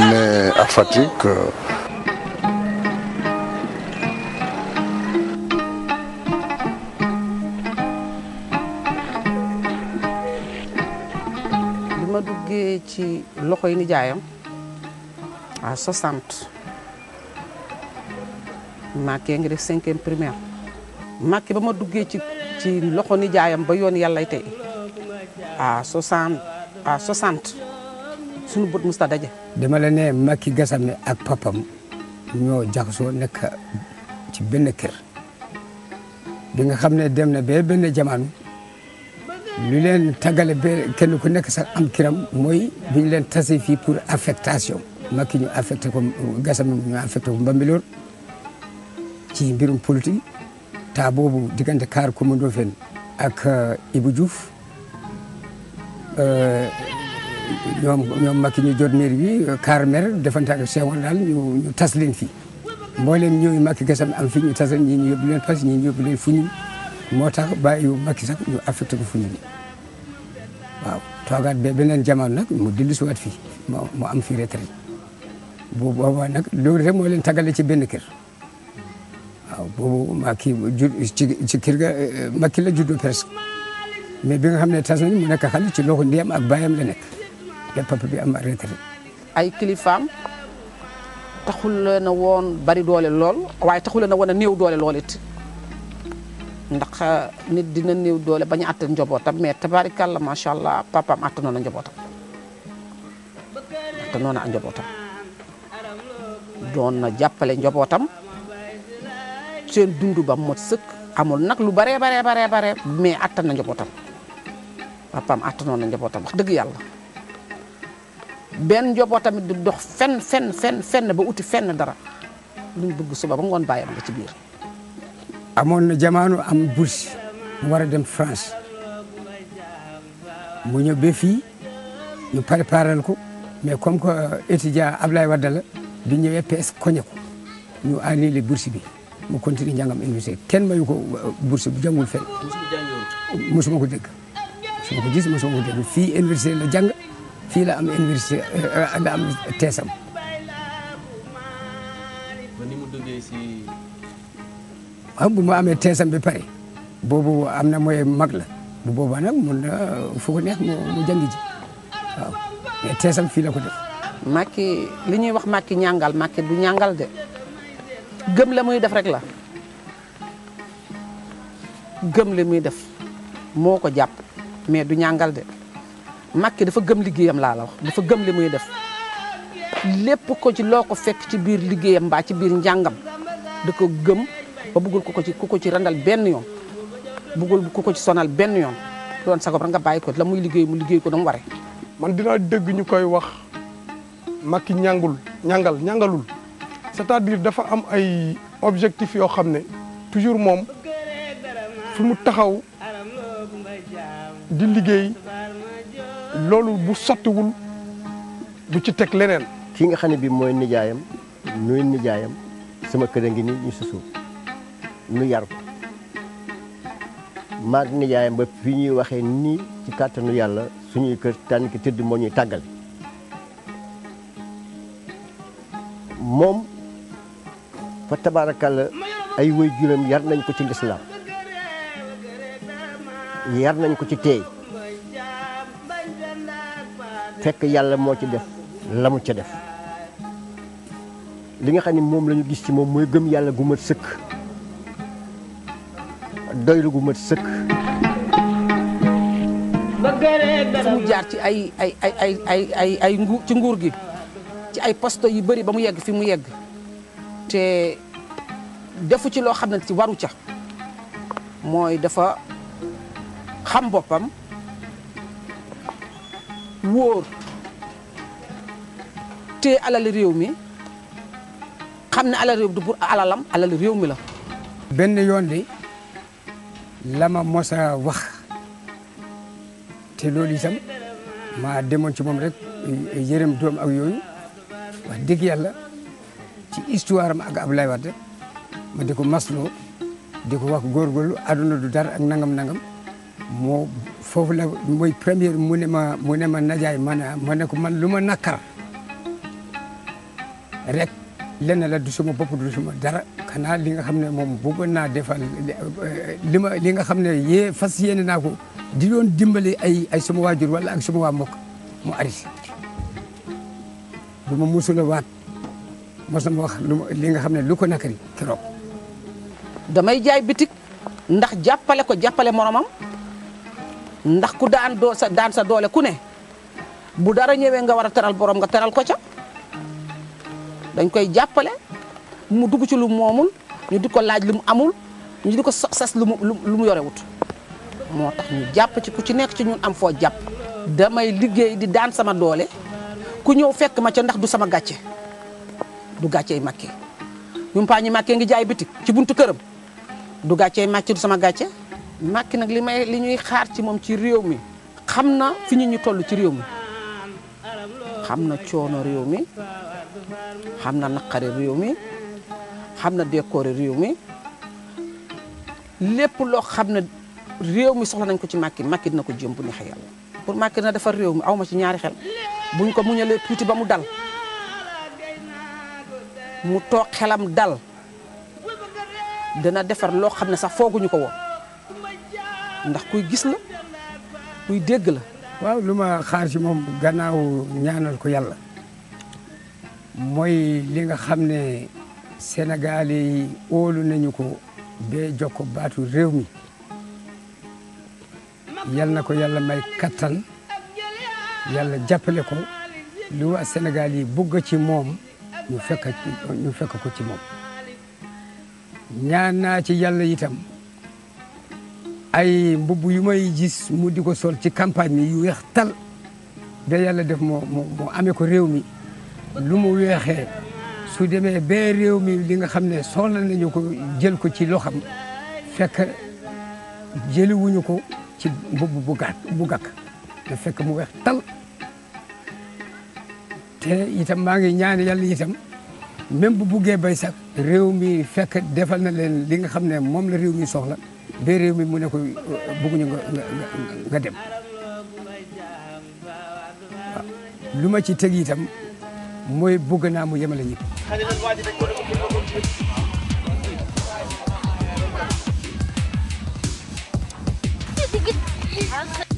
mais à euh, bi ma duggee ci loxo yi nijaayam à 60 màkkee ngi def cinquième primaire màkkee ba ma duggee ci ci loxo nijaayam ba yoon yàllay tey à 60 suñu bët musta daje. dama la ne Macky Gassame ak papam ñoo jaxasoo nekk ci benn kër bi nga xam ne dem na ba benn jamono lu leen tagale ba kenn ku nekk sax am kiram mooy bu leen tase fii pour affectation Macky ñu affecté ko Gassame ñu affecté ko Bambilor ci mbirum politique taa boobu diggante kaar Coumba Ndoffène ak Ibou Diouf euh, ñoom ñoom Macky ñu jot maire bi car maire defante ak Sewal daal ñu ñu tas leen fii mboolem ñooy Macky gasam am fi ñu tas ñi ñu yóbbu leen fas ñu yóbbu leen fuñu moo tax bàyyi wu sax ñu affecté ko fuñu bi waaw toogaat ba beneen jamono nag mu dellu si waat fii mu am fi retraite bu nag loolu rek leen tagale ci benn kër waaw boobu Macky ci ci kër ga eh, Macky la juddoo presque bi nga xam ne tas nañ mu nekk xale ci loxo ndeyam ak baayam la nekk. la papa bi am ay kilifaam taxul leen a woon bari doole lool waaye taxul leen a woon a néew doole lool it ndax euh, nit dina néew doole bañ a njobootam njabootam mais tabarikàlla macha allah papam attanoon na njabootam attanoon na njabootam doon jàppale njabootam seen dundu ba mot sëkk. amul nag lu baree bare bare baree mais attan na njabootam papaam attanoon na njabootam wax dëgg yàlla benn njaboot tamit du dox fenn fenn fenn fenn ba uti fenn dara luñ bëgg suba ba ngoon bàyyi ma nga ci biir. amoon na jamaano am bourse mu war a dem France mu ñëw ba fii ñu préparé ko mais comme que euh, étudiant Ablaye Wade la bi ñëwee PS koñe ko ñu annulé bourse bi mu continué njàngam université kenn mayu ko euh, bourse bu jàngul fenn. musuma ko dégg musuma ko gis musuma fii université la jàng. fii la am université la euh, am teesam. ba mu duggee ah, bu ma amee teesam bi pare boobu am na mooy mag la bu boobaa nag mun na fu ko neex mu jàngi ji waaw teesam fii la ko def. Macky li ñuy wax Macky ñàngal Macky du ñàngal de gëm la muy def rek la gëm la muy def moo ko jàpp mais du ñàngal de. Macky dafa gëm liggéeyam laa la wax dafa gëm li muy def lépp ko ci loo ko fekk ci biir liggéeyam mbaa ci biir njàngam da ko gëm ba bëggul ko ko ci ku ci randal benn yoon bëggul ku ko ci sonal benn yoon doon sagob rek nga bàyyi ko la muy liggéey mu liggéey ko dama ware man dinaa dëgg ñu koy wax Macky ñàngul ñàngal ñàngalul c'est-à-dire dafa am ay objectif yoo xam ne toujours moom fu mu taxaw di liggéey loolu bu sottiwul ci teg leneen. kii nga xam ne bii mooy nijaayam nuy nijaayam sama kër a ngi nii ñu susu ñu yar nijaayam ba fi ñuy waxee nii ci kàttanu yàlla suñuy kër tànn ki tëdd moo ñuy tàggale moom fa ay wéy juróom yar nañ ko ci lislaam yar nañ ko ci teey fekk yàlla moo ci def la mu ca def li nga xam ne moom lañu gis ci moom mooy gëm yàlla gu mat sëkk doylu gu mat sëkk fu mu jaar ci ay ay ay ay ay nguur ci nguur gi ci ay poste yu bëri ba mu yegg fi mu yegg te defu ci loo xam ne ci waru ca mooy dafa xam boppam wóor te alal réew mi xam ne alal réew du pour alalam alal réew mi la. benn yoon di la ma wax te lool yi itam ma demoon ci moom rek yërëm doom ak yooyu wax dëgg yàlla ci histoire am ak Abdoulaye Wade ma di ko masloo di ko wax góorgóorlu àdduna du dar ak nangam-nangam moo. foofu la mooy première mu ne ma mu ne ma najaay ma ne ma ne ko man lu ma nakkar rek lenn la du suma bopp du suma dara xanaa li nga xam ne moom bëggoon naa defal li ma li nga xam ne yee fas yéene naa ko di doon dimbali ay ay suma waajur wala ak suma waa mbokk mu aris bu musula waat mos na ma li nga xam ne lu ko nakari keroog damay jaay bitik ndax jàppale ko jàppale moromam ndax ku daan doo sa daan sa doole ku ne bu dara ñëwee nga war a teral boroom nga teral ko ca dañ koy jàppale mu dugg ci lu moomul ñu di ko laaj lu mu amul ñu di ko sas lu mu lu mu yorewut moo tax ñu jàpp ci ku ci nekk ci ñun am foo jàpp. damay liggéey di daan sama doole ku ñëw fekk ma ca ndax du sama gàcce du gàccey Macky ñun paa ñi Macky ngi jaay bitik ci buntu këram du gàccey Macky du sama gàcce. Macky nag li may li ñuy xaar ci moom ci réew mi xam na fi ñu ñu ci réew mi xam na coono réew mi xam na naqari réew mi xam na décoori réew mi lépp loo xam ne réew mi soxla nañ ko ci Macky Macky dina ko jëm bu neexee yàlla pour Macky na defar réew mi awma ci ñaari xel buñ ko muñalee tuuti ba mu dal mu toog xelam dal dana defar loo xam ne sax fooguñu ko woon ndax kuy gis la kuy dégg la. waaw lu ma xaar ci moom gannaaw ñaanal ko yàlla mooy li nga xam ne Sénégal yi óolu nañu ko bee jokko baatu réew mi yal na ko yàlla may kattan yàlla jàppale ko li waa Sénégal yi bugg ci moom ñu fekk fekk ko ci moom ñaan naa ci yàlla itam. ay mbubb yu may gis mu di ko sol ci campagne bi yu weex tal da yàlla def moo moo amee ko réew mi lu mu weexee su demee bee réew mi li nga xam ne sol soxla nañu ko jël ko ci loxam fekk jëliwuñu ko ci mbubb bu gàtt bu gàkk da fekk mu weex tal te itam maa ngi ñaan yàlla itam même bu buggee bay sax réew mi fekk defal na leen li nga xam ne moom la réew mi soxla ba réew mi mu ne ko bëgguñu nga nga dem lu ma ci teg itam mooy bëgg naa mu yemale ñëpp. Thank